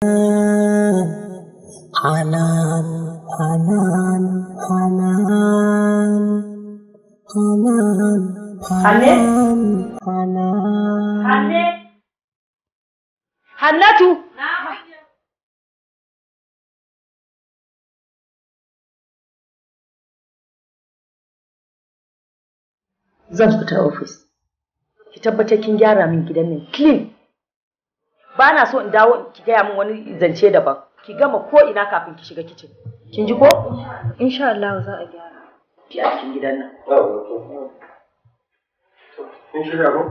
Hanan, Hanan, Hanan, Hanan, Hanan, Hanan. Hannatu! Zan fita ofis. Ki tabbatar kin gyara min gidan nan clean. ba na so in dawo ki gaya min wani zance daban ki gama ko ina kafin ki shiga kicin kin ji ko insha Allah za a gyara ki a cikin gidan nan kin shirya ko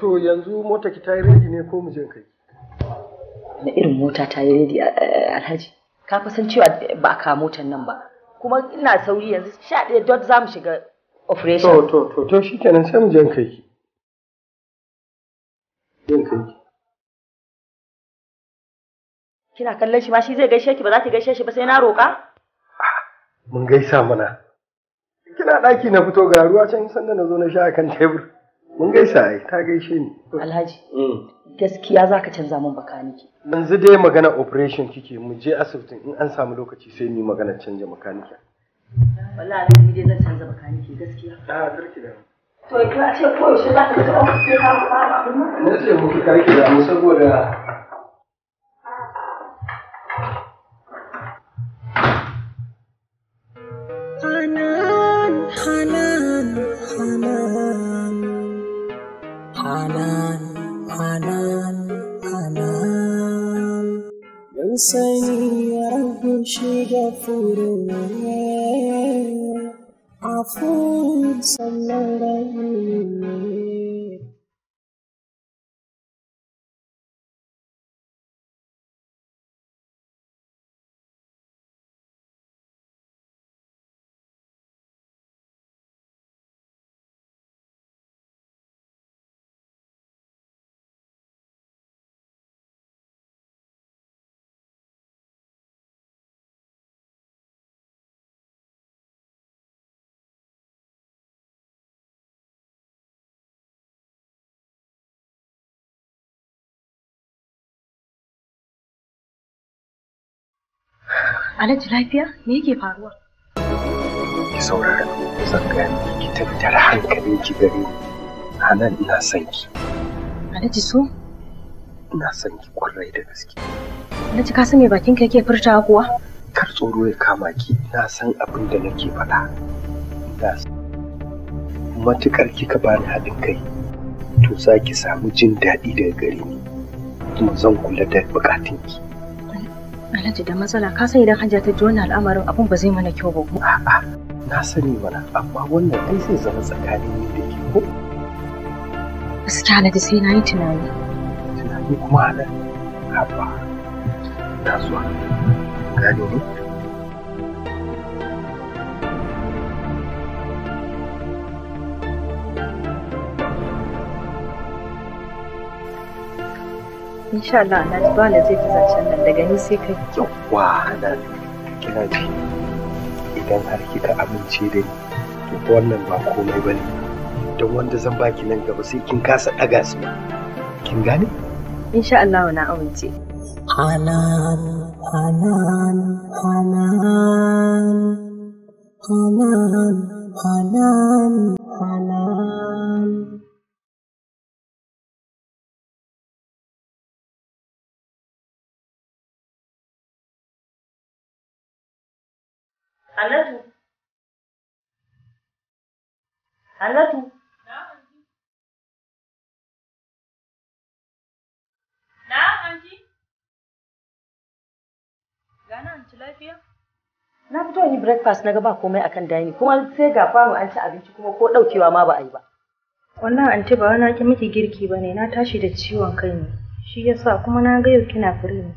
to yanzu mota ki ta yi ready ne ko mu je kai na irin mota ta yi ready eh, eh, alhaji ka fa san cewa ba ka motar nan ba kuma ina sauri yanzu sha dot za mu shiga operation to to to to shikenan sai mu je kai Kina kallon shi ma shi zai gaishe ki ba za ki gaishe shi ba sai na roƙa? Mun gaisa mana. Kina ɗaki na fito ga ruwa can da na zo na sha a kan tebur. Mun gaisa ai ta gaishe ni. Alhaji. Mm. Gaskiya za ka canza min niki Yanzu dai magana operation kike mu je asibitin in an samu lokaci sai mu yi magana canja makanika Wallahi ni dai zan canza makanika gaskiya. A ah, sarki da. To ka ce ko yaushe za ka ga ofis sai ka ba abin nan? Na ce muku karki da mu saboda sani ya rabbin shi gafurin afuwar sannan Alhaji lafiya me yake faruwa? Ki saurara zan gaya miki ki tattara ki gare ni. Hanan ina son ki. Alhaji so? Ina son ki kwarai da gaske. Alhaji ka san me bakin ka yake furtawa kuwa? Kar tsoro ya kama ki ina san abin da nake faɗa. Ina matukar kika bani haɗin kai to za ki samu jin daɗi daga gare ni. Kuma zan kula da bukatunki. ki. Alhaji da matsala ka san idan hajja ta ji wannan al'amarin abun ba zai mana kyau ba ko? A'a na sani mana amma wannan dai zai zama tsakanin ni da ke ko? Gaskiya Alhaji sai na yi tunani. Tunani kuma Alhaji? Haba. Na zuwa. Gane ne? insha Allah na ji ba na zai ji zancen nan daga ni sai kai yawa hana kina ji idan har kika amince da ni to wannan ba komai ba ne don wanda zan baki nan gaba sai kin kasa ɗaga su kin gane insha Allah na amince hanan hanan hanan hanan hanan hanan Hannatu. Hannatu. Na fito yi breakfast na gaba ba a kan dani kuma sai ga famu an ci abinci kuma ko daukewa ma ba a yi ba. Wannan anti ba wani ki miki girki ba ne, na tashi da ciwon kai ne. Shi yasa kuma na ga yau kina fure ne.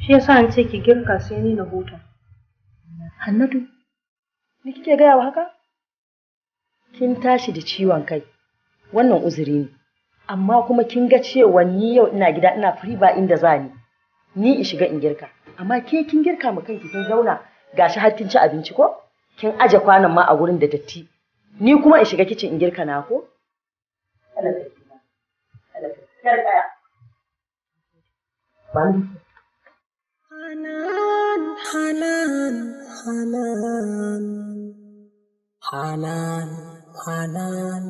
Shi yasa an ce ki girka sai ni na huta. Hannatu, ni kike gaya wa haka? Kin tashi da ciwon kai, wannan uzuri ne, amma kuma kin ga cewa ni yau ina gida ina firi ba inda za ni, ni in shiga in girka, amma ke kin girka ma kanki kin zauna gashi har kin ci abinci ko? Kin aje kwanan ma a gurin da datti, ni kuma in shiga kicin in girka na ko? Allah ka Allah ka Hanan, Hanan, Hanan, Hanan, Hanan,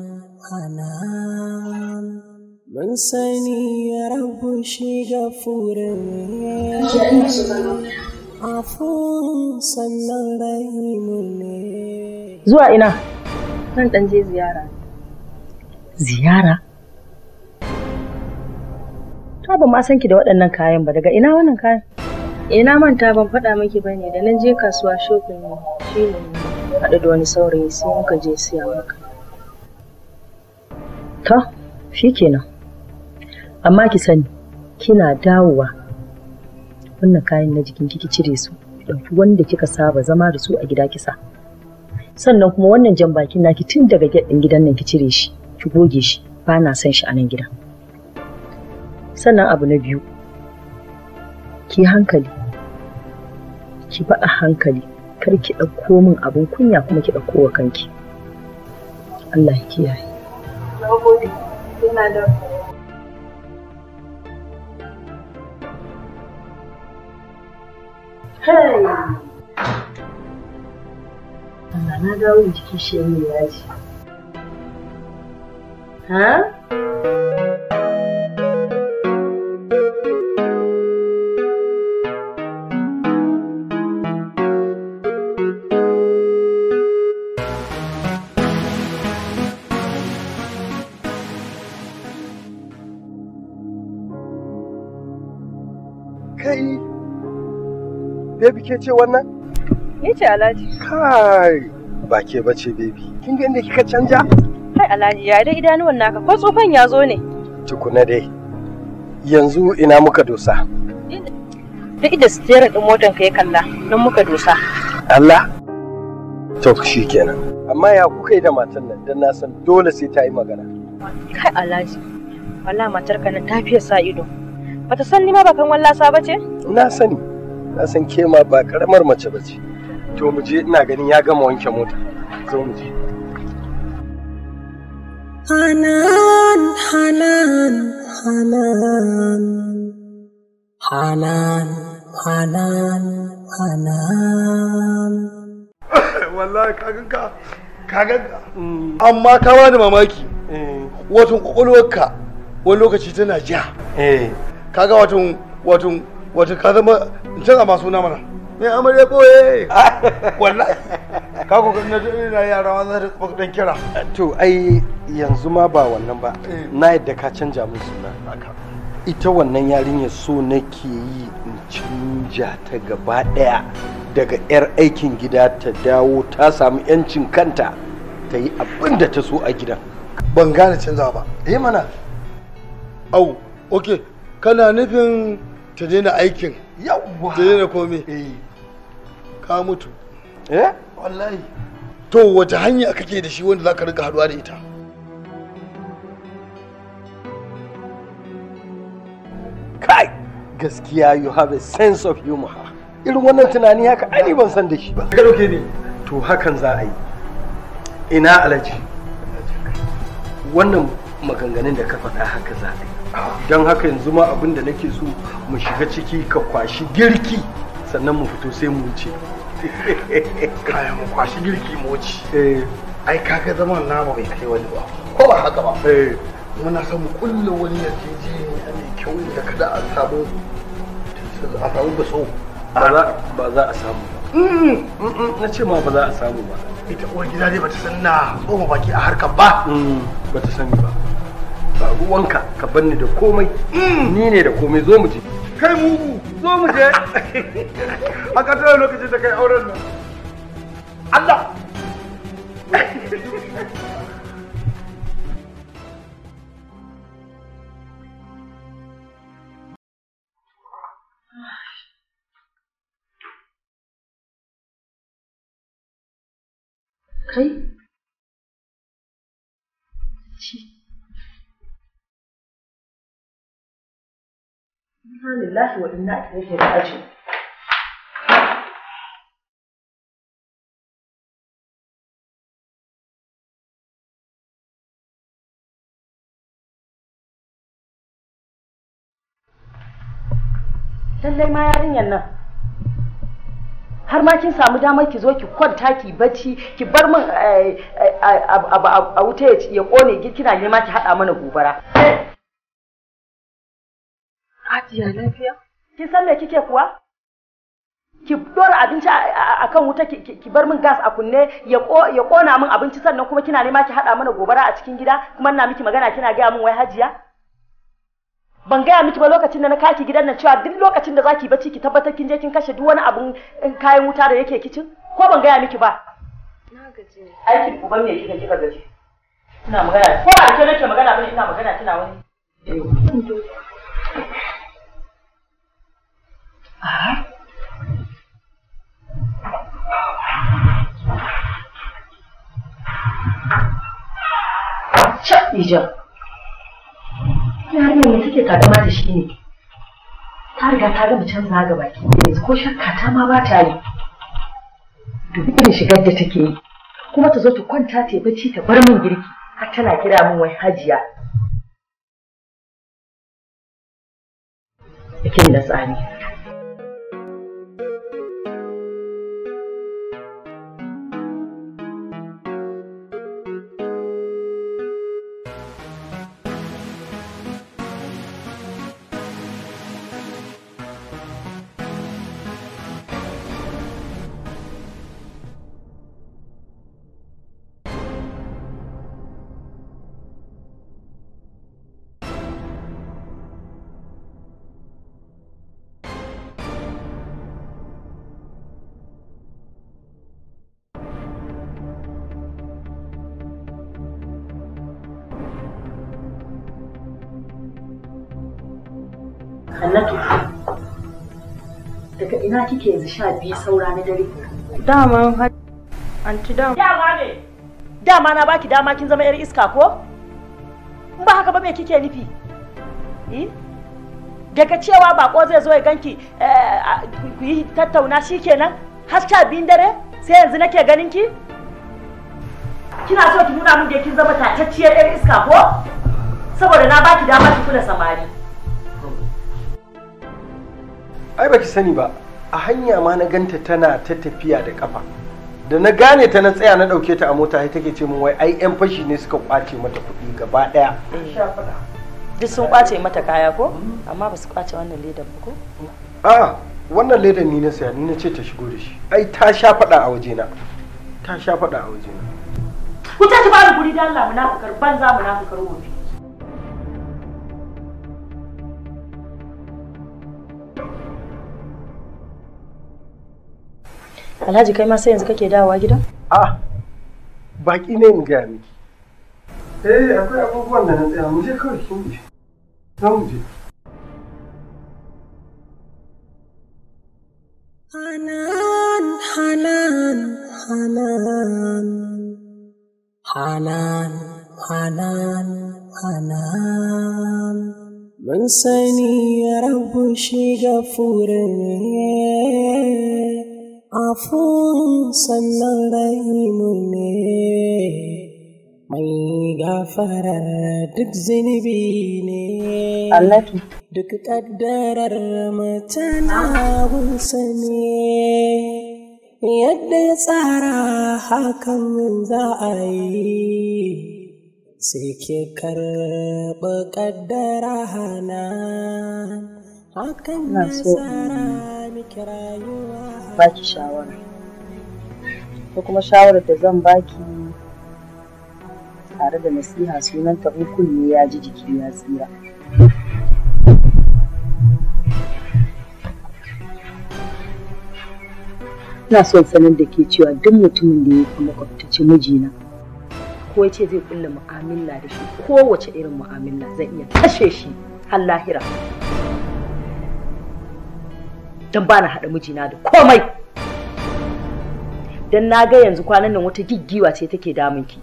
Ban Zuwa ina? Zan ɗan je ziyara. Ziyara? Ta ba ma san ki da waɗannan kayan ba daga ina wannan kayan? Eh na manta ban faɗa miki ba ne da na je kasuwa shopping ne shi ne haɗu da wani saurayi sai muka je siya maka. To, shi kenan. Amma ki sani, kina dawowa wannan kayan na jikin kiki cire su, ɗauki wanda kika saba zama da su a gida kisa. Sannan kuma wannan jan bakin naki tun daga gyaɗin gidan nan ki cire shi, ki goge shi, ba na san shi a nan gida Sannan abu na biyu, ki hankali ki faɗa hankali kar ki ɗauko min abin kunya kuma ki ɗauko wa kanki Allah ya kiyaye Hey! Allah na dawo jiki shi yaji. Ha? Baby ke ce wannan? Ni ce Alhaji. Kai, ba ke bace baby. Kin ga inda kika canja? Kai Alhaji, ya dai idanuwan naka ko tsufan ya zo ne? Tukuna dai. Yanzu ina muka dosa. Duk da sitiyarar ɗin motar ka ya kalla, nan muka dosa. Allah? To shi kenan. Amma ya kuka yi da matan nan don na san dole sai ta yi magana. Kai Alhaji, wala matar ka nan ta fiye sa ido. Bata san ni ma bakan wallasa ba ce? Na sani. na san ma ba karamar mace ba ce to mu je ina ganin ya gama wanke mota zo mu je hanan hanan hanan hanan hanan hanan wallahi ka kaganka amma ka bani mamaki eh. wato kwakwalwarka wani lokaci tana ja eh. kaga wato wato wato ka zama in canza ma suna mana me amarya koye? wallahi ka ko na ina yara ma za ta dan kira to ai yanzu ma ba wannan ba eh. na yadda ka canja min suna ita wannan yarinya so nake yi in canja ta gaba daya daga 'yar aikin gida ta dawo ta samu 'yancin kanta ta yi abin da ta so a gidan ban gane canza ba eh mana au ok kana nufin ta daina aikin yawwa ta daina komai eh ka mutu eh wallahi to wata hanya kake da shi wanda zaka rika haduwa da ita kai gaskiya you have a sense of humor irin wannan tunani haka ani ban san da shi ba ka dauke ni to hakan za a yi ina alaji wannan maganganun da ka faɗa haka za a yi don haka yanzu ma abin da nake so mu shiga ciki ka kwashi girki sannan mu fito sai mu wuce kaya mu kwashi girki mu wuce eh. ai kaga zaman namu bai kai wani ba ko ba haka ba eh. muna son mu kulle wani a mai kyau da kada a samu a samu so ba za a samu ba na ce ma ba za a samu ba ita uwar gida dai bata san na tsoma baki a harkar ba mm, bata sani ba ba ruwanka ka banni da komai ni ne da komai zo mu je kai mu zo mu je a kasar lokacin da kai auren nan Allah Kai? Ci. lillahi wa inna ilaihi raji'un. lallai ma yarinyar nan har ma kin samu damar ki zo ki kwanta ki bacci ki bar min eh, eh, eh, a wuta ya kone kina nema ki haɗa mana gobara Hajiya lafiya? Kin san me kike kuwa? Ki dora abinci a kan wuta ki bar min gas a kunne ya kona min abinci sannan kuma kina nema ki haɗa mana gobara a cikin gida kuma ina miki magana kina gaya min wai hajiya? Ban gaya miki ba lokacin da na kaki gidan nan cewa duk lokacin da za ki bacci ki tabbatar kin je kin kashe duk wani abun kayan wuta da yake kicin ko ban gaya miki ba? Na gaji. Aikin uban me kika kika gaji? Ina magana ko ba da ke nake magana bane ina magana kina wani. are can Yarinyar take takama da shi ne. Ta riga ta gama canza ga baki yanzu ko shakka ta ma ba ta yi. Dubi irin shigar da take yi. Kuma ta zo ta kwanta ta bacci ta bar min girki har tana kira min wai hajiya. Bikin da tsani. Hannatu, daga ina kike yanzu sha biyu saura na dare? Dama anti dama. Dama ne. Dama na baki dama kin zama 'yar iska ko? In ba haka ba me kike nufi? Daga cewa bako zai zo ya ganki eh, ku yi tattauna shi kenan har sha biyun dare sai yanzu nake ganin ki? Kina so ki nuna min da kin zama tatacciyar 'yar iska ko? Saboda na baki dama ki kula samari. ai baki sani ba a hanya ma na ganta tana ta tafiya da kafa da na gane ta na tsaya na dauke ta a mota sai take ce min wai ai yan fashi ne suka kwace mata kuɗi gaba ɗaya duk sun kwace mata kaya ko amma ba su kwace wannan ledan ba ko a wannan ledan ni na saya ni na ce ta shigo da shi ai ta sha fada a na ta sha fada a na ku ta ba da guri da Allah munafukar banza munafukar wofi Alhaji kai ma sai yanzu kake dawowa gida? Ah, baki ne mu gaya miki. Eh, akwai abubuwan da na tsaya mu je kawai kin je. Za mu je. Hanan, hanan, hanan. Hanan, hanan, hanan. Mun sani ya rabu shi ga afuwan sannan rahimu ne mai gafarar duk zunubi ne duk ƙaddarar mutana gunsa yadda ya tsara hakan za a yi sai ke karɓa ƙaddara hana hakan ya tsara baki shawara ko kuma shawarar da zan baki tare da nasiha sunan ta kunne ya ji jiki ya tsira ina son sanar da ke cewa duk mutumin da ya kuma kwaftaci mijina ko ya ce zai kulle mu'amala da shi kowace irin mu'amala zan iya kashe shi har lahira don bana hada haɗa mijina da komai don na ga yanzu kwanan nan wata giggiwa ce take damunki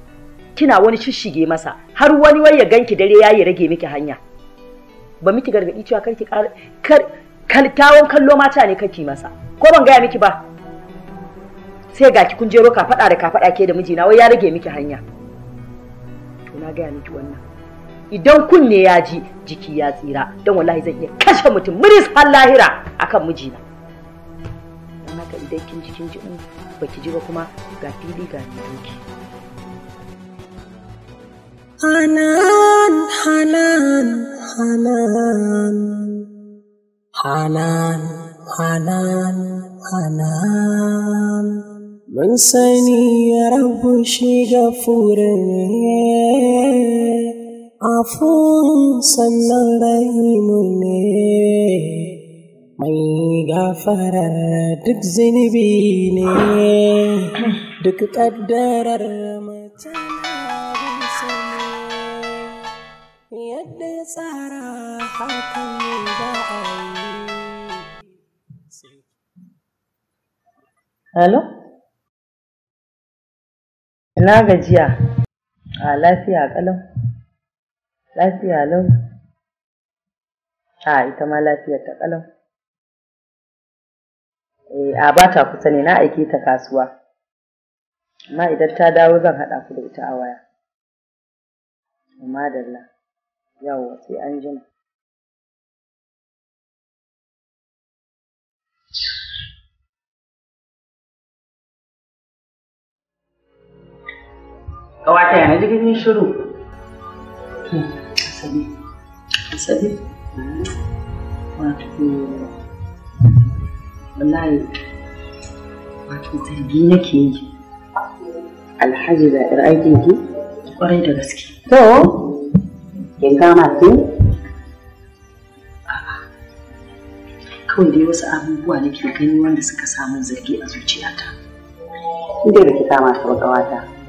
kina wani shishige masa har wani wai ya ganki dare ya yi rage miki hanya ba miki gargaɗi cewa karki kar kyawun kallo mata ne kake masa ko ban gaya miki ba sai ga ki kun jero ka faɗa da ka faɗa ke da mijina wai ya rage miki hanya to na gaya miki wannan idan kunne ya ji jiki ya tsira don wallahi zan iya kashe mutum muris har lahira akan mijina don haka idan kin ji kin ji in baki ji ba kuma ga fili ga doki hanan hanan hanan hanan hanan hanan mun sani ya rabu shi ga fure afuwan sannan rahimu ne mai gafarar duk zunubi ne duk ƙaddarar mutum yadda ya tsara hakan ne za a yi Hello? Ina gajiya? A lafiya ƙalau. lafiya lau a ah, ita ma lafiyar ta kalau eh a ba ta kusa ne na aike ta kasuwa amma idan ta dawo zan haɗa ku da ita a waya dalla yawa sai an jina. Kawata yana jikin shiru. asabe asabe wato wallahi wato zargi nake yi alhaji da ɗar aikin ki ƙwarai da gaske to kin kama ki kawai dai wasu abubuwa nake gani wanda suka samun zargi a zuciyata. Inda da ki kama ta ƙawata.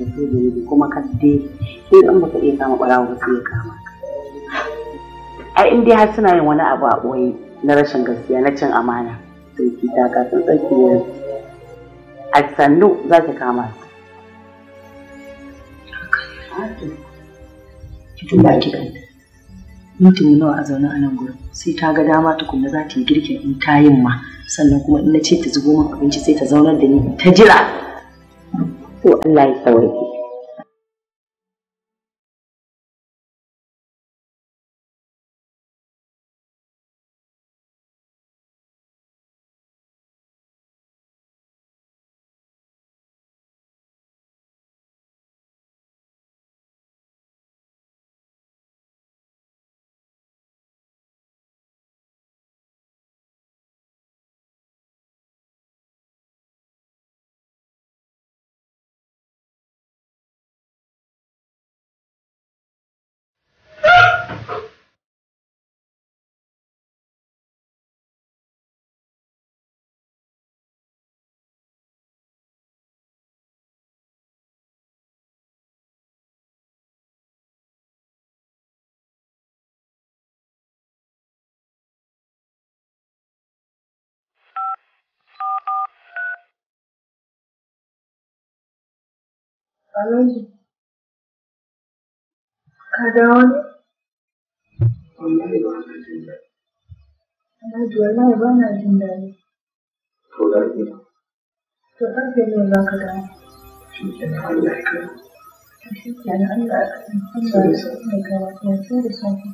ya da yi kuma ka dai in an baka iya kama ɓarawa ba sai ya kama ai in dai har suna yin wani abu a ɓoye na rashin gaskiya na cin amana to ki taka sun tsakiyar a sannu za ki kama su ki duba ki kanta mutumi nawa a zaune a nan gurin sai ta ga dama tukunna za ta yi girkin in ta yin ma sannan kuma in na ce ta zubo min abinci sai ta zaunar da ni ta jira của lời tuổi Alhaji, ka dawo ne? Wallahi ba na jin daɗi. Alhaji wallahi ba na jin daɗi. To ƙarfe na. To ƙarfe ne za ka dawo. Shi kenan Allah ya kai. Shi Allah ya kai. Allah ya Allah ya Allah ya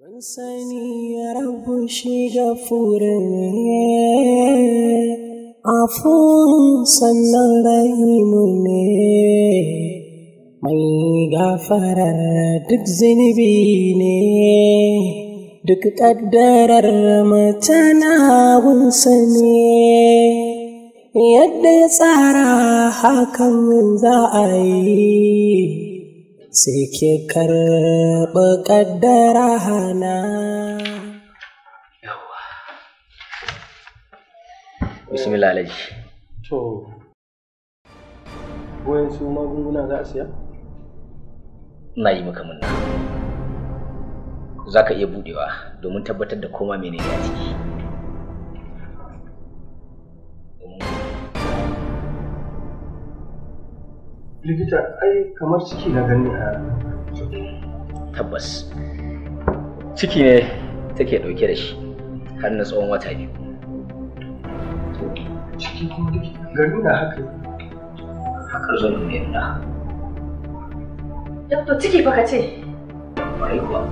Mun sani ya rabu shiga gafure ne, afon sannan rahimu ne, mai gafarar duk zunubi ne, duk ƙaddarar mutane abun sani. Yadda ya tsara hakan za a yi. sai ke karɓi ƙaddara hana bismillah alaji to wayan su magunguna za a siya na yi maka munna za ka iya budewa domin tabbatar da koma menene a ciki likita ai kamar ciki na gani a tabbas ciki ne take dauke da shi har na tsawon wata biyu ciki kuma gani na haka haka zo ne na yadda ciki baka ce ai kuwa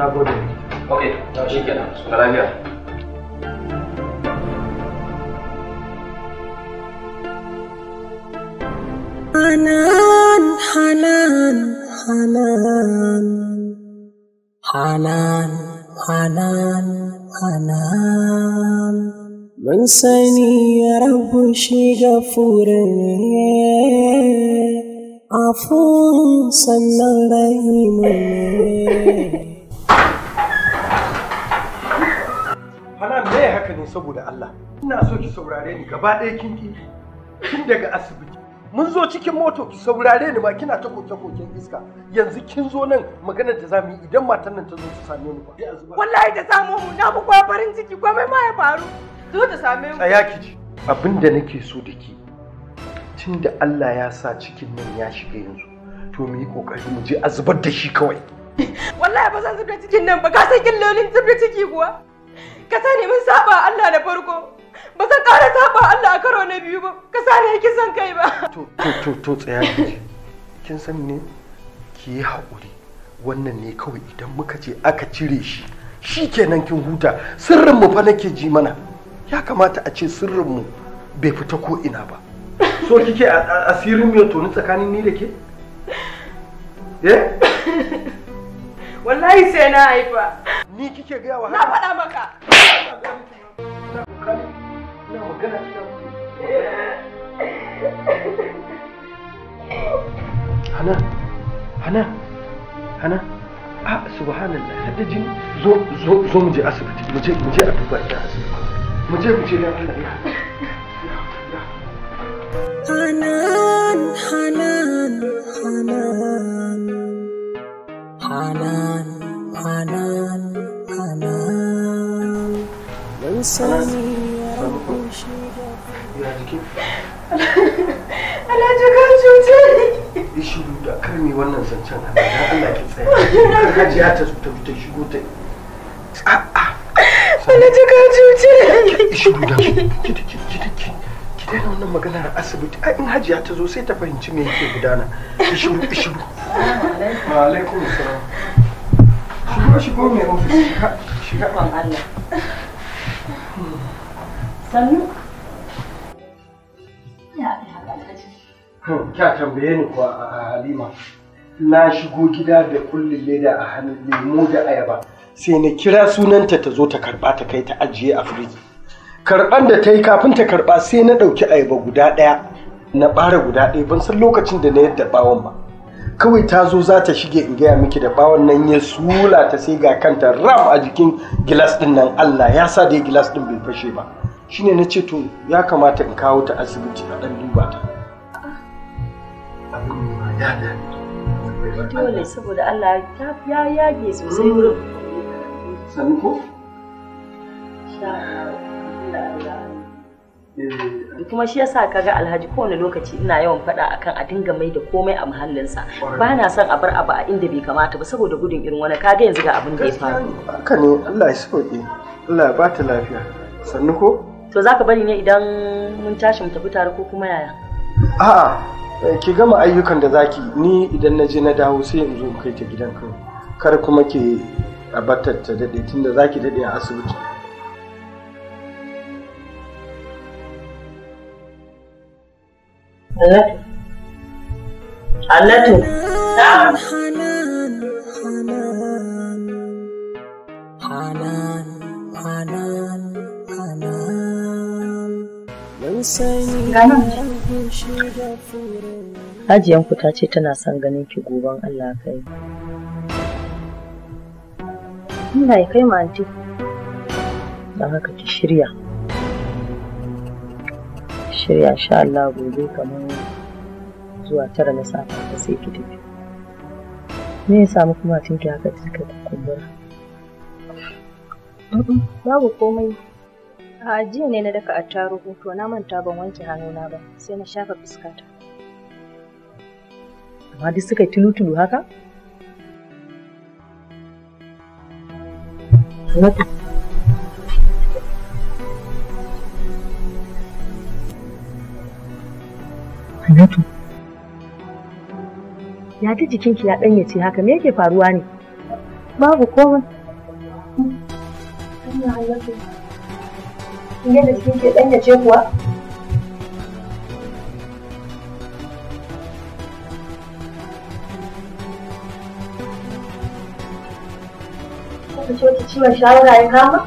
na gode ok shi kenan na lafiya حنان حنان حنان حنان حنان حنان من سني يا رب شي غفور عفو سنن رحيم saboda Allah ina so ki saurare ni gaba ɗaya kin ki Kin daga asibiti mun zo cikin moto ki saurare ni ba. kina ta koke koken iska yanzu kin zo nan maganar da zamu yi idan matan nan ta zo ta same mu ba wallahi ta samu mu na ku farin ciki komai ma ya faru zo ta same mu tsaya ki ji abin da nake so da ke tun da Allah ya sa cikin nan ya shiga yanzu to mu yi kokari mu je a zubar da shi kawai wallahi ba zan zubar cikin nan ba ka san kin lolin zubar ciki kuwa ka sani mun saba Allah da farko ba san ƙara saba Allah a karo na biyu ba ka sani kin san kai ba to to to tsaya kin san ne ki yi haƙuri wannan ne kawai idan muka ce aka cire shi shi kenan kin huta sirrinmu fa nake ji mana ya kamata a ce sirrinmu bai fita ko ina ba so kike asirin mai tuni tsakanin ni da ke eh wallahi sai na haifa ni kike gaya wa na faɗa maka هنا هنا هنا آه سبحان الله هذا جن زو زو زو مجي أسبتي مجي مجي أدوبة إلى أسبتي مجي مجي يا الله يا حنان حنان حنان حنان حنان حنان yi ya rabu shi Alhaji kan ne. shiru da karmi wannan zancen a bayan Allah ki tsaya. Hajiya ta ta ta shigo ta. A'a. Ah, ah. Alhaji ne. shiru da ki ki daina wannan asibiti. in Hajiya ta zo sai ta fahimci me yake gudana. shiru shiru. shiga alaikum mai ofis. Shiga. Shiga. Allah. sannu to kya tambaye ni kuwa a halima na shigo gida da kullum leda a hannun lemo da ayaba sai na kira sunanta ta zo ta karba ta kai ta ajiye a firiji karban da ta yi kafin ta karba sai na ɗauki ayaba guda ɗaya na ɓara guda ɗaya ban san lokacin da na yadda bawon ba kawai ta zo za ta shige in gaya miki da bawon nan ya sula ta sai ga kanta ram a jikin gilas ɗin nan allah ya sa dai gilas ɗin bai fashe ba shine na ce to ya kamata in kawo ta asibiti a ɗan duba ta dole saboda Allah ya yage sosai wurin ko kuma shi yasa kaga alhaji kowane lokaci ina yawan faɗa akan a dinga mai da komai a muhallinsa ba na son a bar abu a inda bai kamata ba saboda gudun irin wani kaga yanzu ga abin da ya faru haka ne Allah ya sauke Allah ya bata lafiya sannu ko to za ka bari ne idan mun tashi mu tafi tare ko kuma yaya a'a eh, ki gama ayyukan da zaki ni idan na je na dawo sai in zo kai ta gidan ka, kar kuma ke abatar ta dade tunda zaki daɗe a asibiti Allah Allah Na'am. Hajiyanku ta ce tana son ganin ki goben Allah kai. Ina ya kai ma'anti, Don haka ki shirya. Shirya sha Allah gobe kamar zuwa tara na safa ka sai ki tafi. Me ya samu kuma tinki haka ta kumbura? Babu komai. A jiya ne na daka attarugu to na manta ban wanke hannuna ba sai na shafa fuskata. Amma duk suka tulu-tulu haka? Hannatu. Ya ta jikinki ya ɗanyace haka me yake faruwa ne? Babu komai. Hannatu. kin yadda cikin ke ɗanya ce kuwa kuka ce wata ciwon shawara ya kama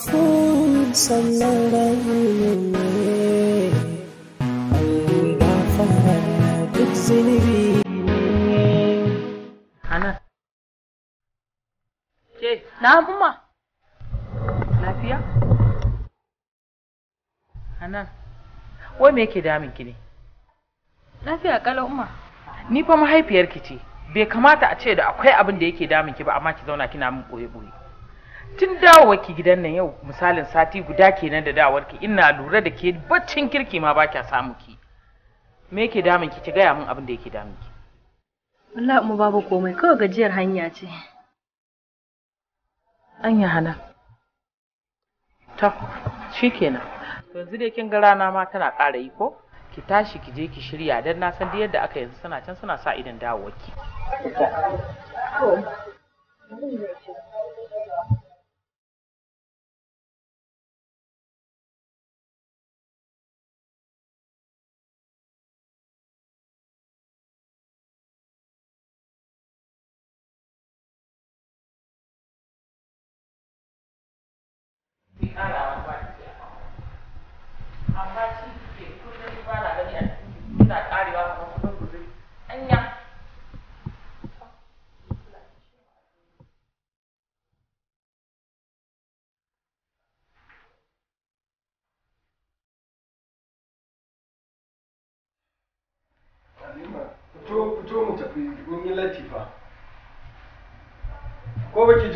gafur sannan rahimin ne Allah gafara duk zunubi ne Hana Ke na umma Lafiya Hana Wai me yake damin ki ne Lafiya kala umma Ni fa mahaifiyarki ce bai kamata a ce da akwai abin da yake damin ki ba amma ki zauna kina min boye boye tun dawowarki gidan nan yau misalin sati guda kenan da dawarki ina lura da ke baccin kirki ma ba kya samu ki me yake damun ki ki gaya min abin da yake damun ki wallahi mu babu komai kawai gajiyar hanya ce An yi hana ta shikenan yanzu dai kin ga rana ma tana ƙara yi ko ki tashi ki je ki shirya dan na san yadda aka yanzu suna can suna sa idan dawowarki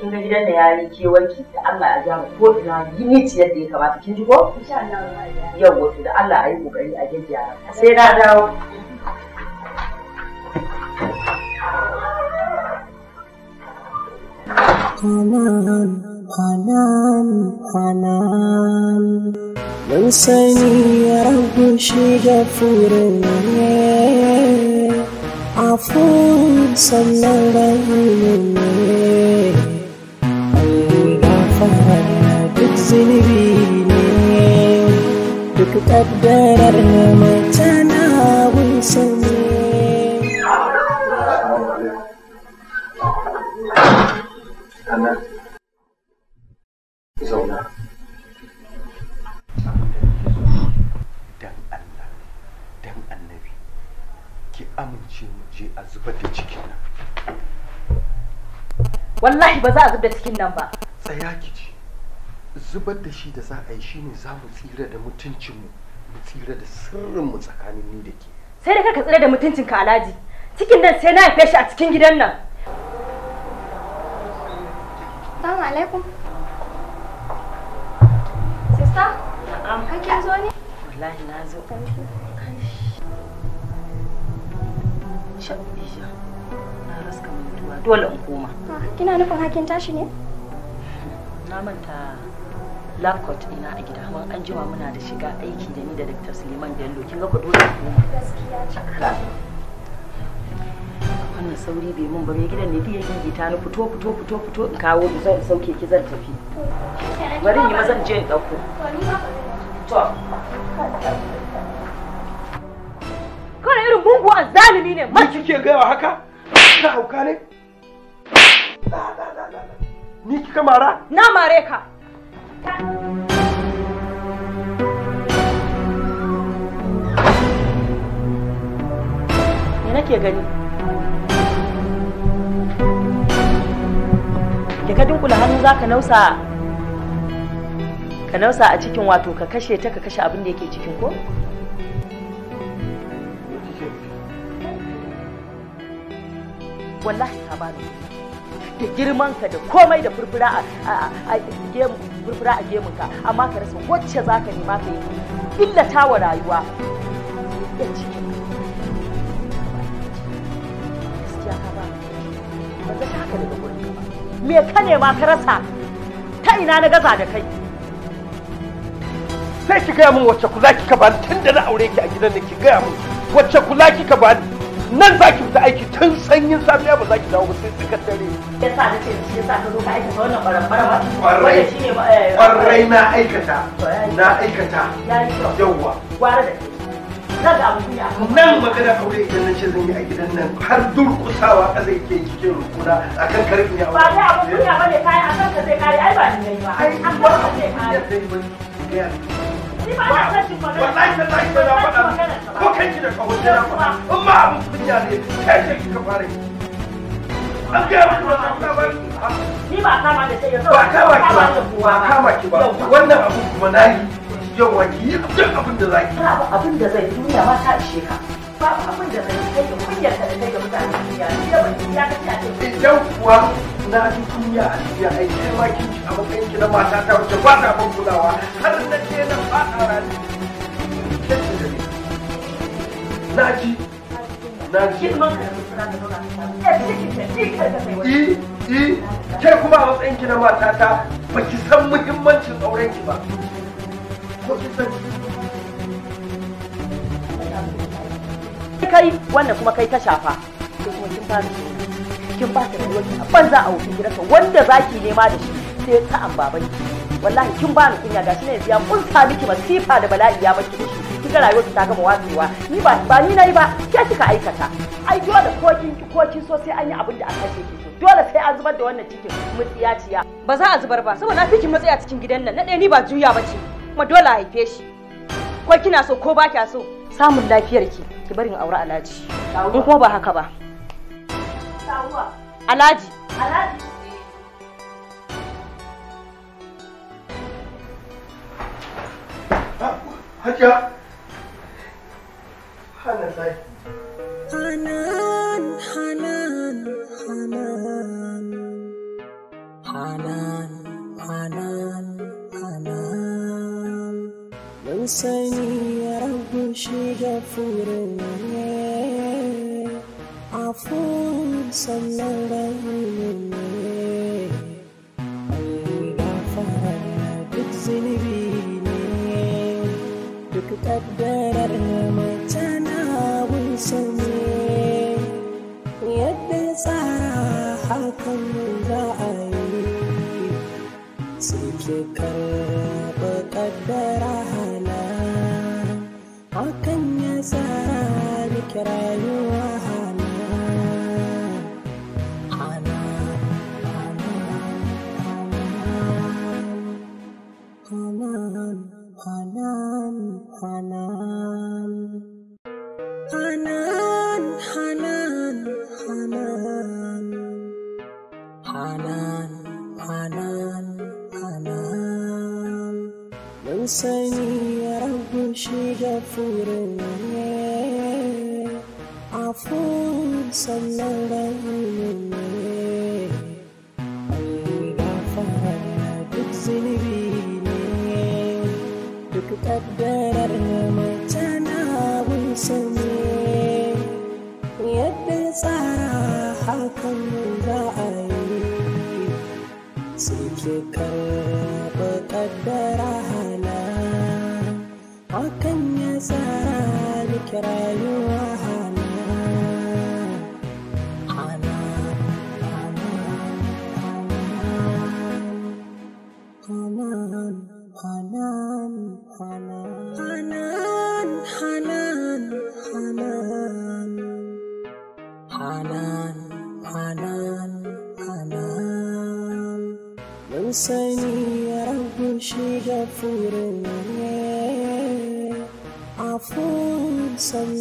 kin ga gidan da yayi ki da Allah a jamu ko ina ginici yadda ya kamata kin ji ko insha Allah yau wato da Allah ayi yi kokari a Ya sai na dawo Hanan, Hanan, Hanan Mun sani ya rabu shi da furin ne Afon sannan rahimin ne zunubi ne duk kaddarar na mata na sanye annabi ki amince a wallahi ba za a zubar da cikin nan ba tsaya ki ji zubar da shi da za a yi shine za mu tsira da mutuncinmu mu tsira da sirrinmu tsakanin ni da ke sai da kaka tsira da mutuncinka alhaji cikin nan sai na haife shi a cikin gidan nan Assalamu alaikum. Sista, am kake zo ne? Wallahi na zo. na raska mutuwa dole in koma. Ah, kina nufin hakin tashi ne? Na manta lakot ina a gida mun an jima muna da shiga aiki da ni da Dr. Suleiman Bello kin ga ku dole ku wannan sauri bai mun ba mai gidan ne biya ta ni fito fito fito fito in kawo mu zan sauke ki zan tafi bari ni ma zan je in dauko to kana irin an zalimi ne ma kike gaya haka ka hauka ne ni kika mara na mare ka Me nake gani? ka dunkula hannu za ka nausa ka nausa a cikin wato ka kashe ta ka kashe abin da yake cikin ko? wallahi bani da girman ka da komai da furfura a furfura a ka amma ka rasa wacce za ka nema ka yi illata wa rayuwa gaskiya ka ba haka daga gurin ba me ka nema ka rasa ta ina na gaza da kai sai ki gaya min wacce kula kika bani tun da na aure ki a gidan da ki gaya min wacce kula kika bani nan za ki fita aiki tun sanyin safiya ba za ki dawo ba sai tsakar dare ya sa na ce shi sa ka zo ka aikata wannan barabara wanda shi ne kwarai eh, na aikata na aikata yawwa gwara da nan magana aure idan na ce zan yi a gidan nan har durkusawa ka zai ke cikin rukuna a kan karfi ya wani. ba ta abin kunya ba ne kayan a kan ka zai kare ai ba ni ne ba ai an ba ka zai kare ni ba na san shi ba na faɗa ko kanki da kawo jira kuma in ma abin kunya ne kai ne ka fara yi an gaya miki wannan labarin ni ba kama da sai yanzu ba kama ki ba ba kama ki ba wannan abin kuma nayi yawa ki yi duk abin da zaki ba abin da zai duniya ma ta ishe ka ba abin da zai kai da kunyar ka da kai mutane duniya ni da ban ya kace a ce idan kuwa na ji kunya a duniya ai kai ma kin a matsayin ki na mata ta wuce ba ta ban kulawa har na ce na fada rani na ji na ji i e, i e, ke kuma a matsayin na matata ba ki san muhimmancin aurenki ba ko ki san kai wannan kuma kai ta shafa ko kuma kin fara kin ba ta rayuwar ki a banza a wuce gidanka wanda zaki nema da shi sai ta ambaban ki wallahi kin ba ni kunya gashi ne yanzu ya kunta miki masifa da bala'i ya miki da shi rayuwar ta gama watsewa ni ba ba ni nayi ba ke kika aikata ai dole ko kin ki ko kin so sai an yi abin da aka ce ki so dole sai an zubar da wannan cikin mutsiyaciya ba za a zubar ba saboda na fi kin matsayi a cikin gidan nan na ɗaya ni ba juya ba ce kuma dole a haife shi ko kina so ko ba kya so samun lafiyar ki ki barin aure alhaji in kuma ba haka ba alhaji alhaji Hajiya. Hana zai. Hanan, Hanan, Hanan. Hanan, Hanan, Hanan. Mun sani ya rabu shi da furin ne. Afun sannan rahimin ne. that food away. Our food, some